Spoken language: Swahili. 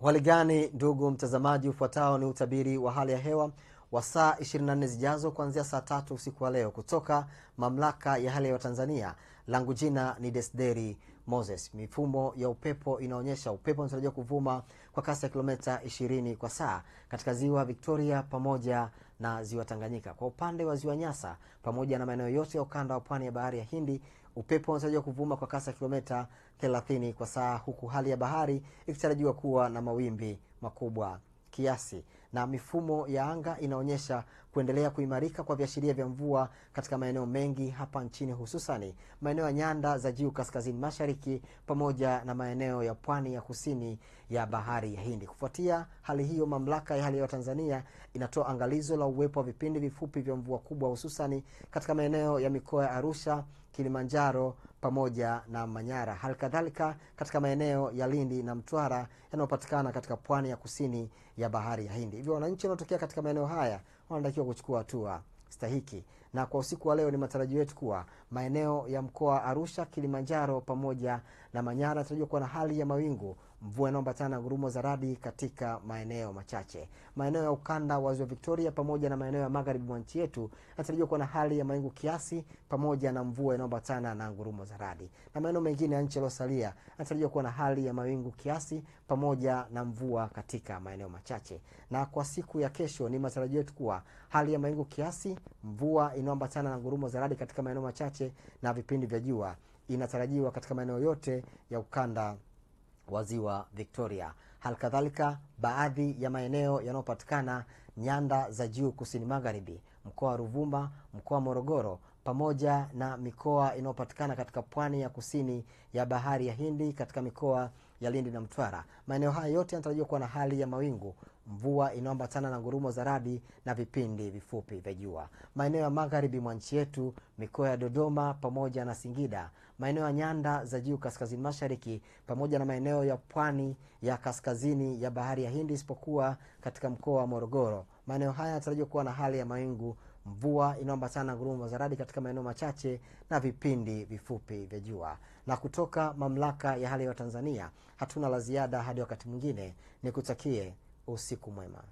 Waligani ndugu mtazamaji, ufuatao ni utabiri wa hali ya hewa wa saa 24 zijazo kuanzia saa tatu usiku wa leo kutoka mamlaka ya hali ya hewa Tanzania. Langu jina ni Desderi Moses. Mifumo ya upepo inaonyesha upepo unatarajiwa kuvuma kwa kasi ya kilomita 20 kwa saa katika ziwa Victoria pamoja na ziwa Tanganyika. Kwa upande wa ziwa Nyasa pamoja na maeneo yote ya ukanda wa pwani ya bahari ya Hindi, upepo unatarajiwa kuvuma kwa kasi ya kilomita 30 kwa saa, huku hali ya bahari ikitarajiwa kuwa na mawimbi makubwa kiasi na mifumo ya anga inaonyesha kuendelea kuimarika kwa viashiria vya mvua katika maeneo mengi hapa nchini, hususani maeneo ya nyanda za juu kaskazini mashariki pamoja na maeneo ya pwani ya kusini ya bahari ya Hindi. Kufuatia hali hiyo, mamlaka ya hali ya hewa Tanzania inatoa angalizo la uwepo wa vipindi vifupi vya mvua kubwa hususani katika maeneo ya mikoa ya Arusha, Kilimanjaro, pamoja na Manyara. Hali kadhalika katika maeneo ya Lindi na Mtwara yanayopatikana katika pwani ya kusini ya bahari ya Hindi. Hivyo wananchi wanaotokea katika maeneo haya wanatakiwa kuchukua hatua stahiki. Na kwa usiku wa leo ni matarajio yetu kuwa maeneo ya mkoa Arusha, Kilimanjaro pamoja na Manyara yanatarajiwa kuwa na hali ya mawingu, mvua inaoambatana na ngurumo za radi katika maeneo machache. Maeneo ya ukanda wa ziwa Victoria pamoja na maeneo ya magharibi mwa nchi yetu yanatarajiwa kuwa na hali ya mawingu kiasi pamoja na mvua inaoambatana na ngurumo za radi, na maeneo mengine ya nchi yaliyosalia yanatarajiwa kuwa na hali ya mawingu kiasi pamoja na mvua katika maeneo machache. Na kwa siku ya kesho ni matarajio yetu kuwa hali ya mawingu kiasi, mvua inayoambatana na ngurumo za radi katika maeneo machache na vipindi vya jua inatarajiwa katika maeneo yote ya ukanda wa ziwa Victoria. Halikadhalika, baadhi ya maeneo yanayopatikana nyanda za juu kusini magharibi, mkoa wa Ruvuma, mkoa wa Morogoro pamoja na mikoa inayopatikana katika pwani ya kusini ya bahari ya Hindi katika mikoa ya Lindi na Mtwara. Maeneo haya yote yanatarajiwa kuwa na hali ya mawingu mvua inayoambatana na ngurumo za radi na vipindi vifupi vya jua. Maeneo ya magharibi mwa nchi yetu, mikoa ya Dodoma pamoja na Singida, maeneo ya nyanda za juu kaskazini mashariki, pamoja na maeneo ya pwani ya kaskazini ya bahari ya Hindi, isipokuwa katika mkoa wa Morogoro. Maeneo haya yanatarajiwa kuwa na hali ya mawingu, mvua inayoambatana na ngurumo za radi katika maeneo machache na vipindi vifupi vya jua. Na kutoka mamlaka ya hali ya hewa Tanzania, hatuna la ziada hadi wakati mwingine, nikutakie usiku mwema.